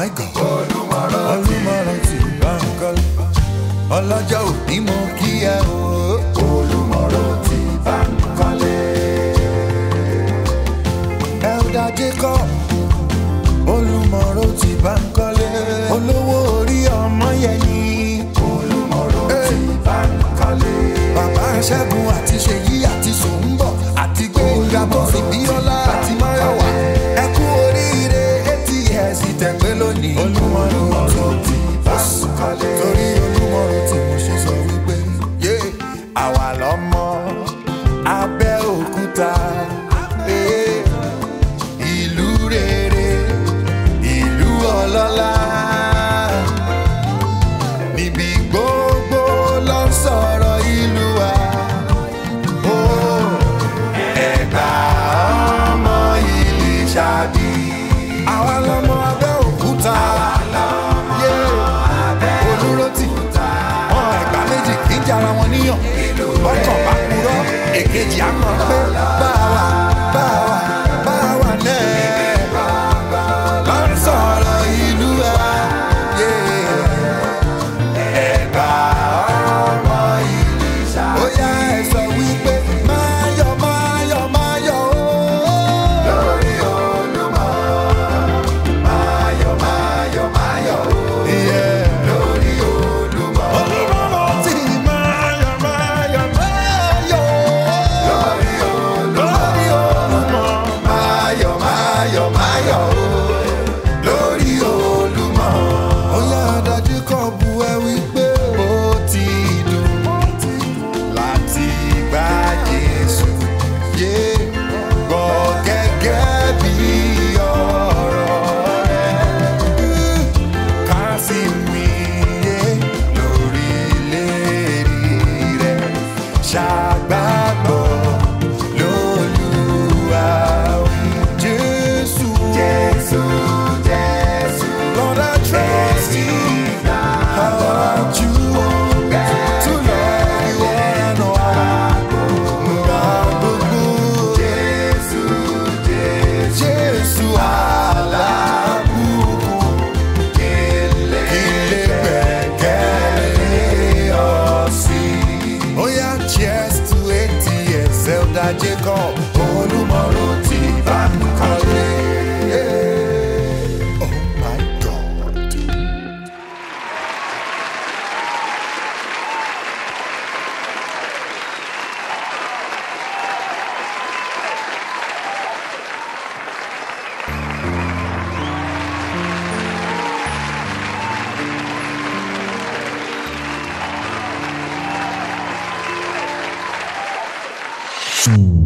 my God. Olúmọ̀ràn ti bá ń kọ́ mo kia ẹ o. Olúmọ̀ràn ti bá ń kọ́lé. Elda Jacob Olúmọ̀ràn ti bá ń kọ́lé. Olówó orí ọmọ yẹn Ṣẹ́gun àti Ṣèyí. lónìí olúmọ ló tó ti bá sọ̀kalẹ̀ torí olúmọ tí mo ṣe sọ wípé àwa lọ́mọ abẹ́ òkúta. àwa lọmọ abẹ́. yára wọn níyàn bọ́kàn bá kúrọ́ èkejì á mọ̀ pé báwa báwa. not boy. Jacob olùmọ̀rò ti bá ń kọ́. Mm.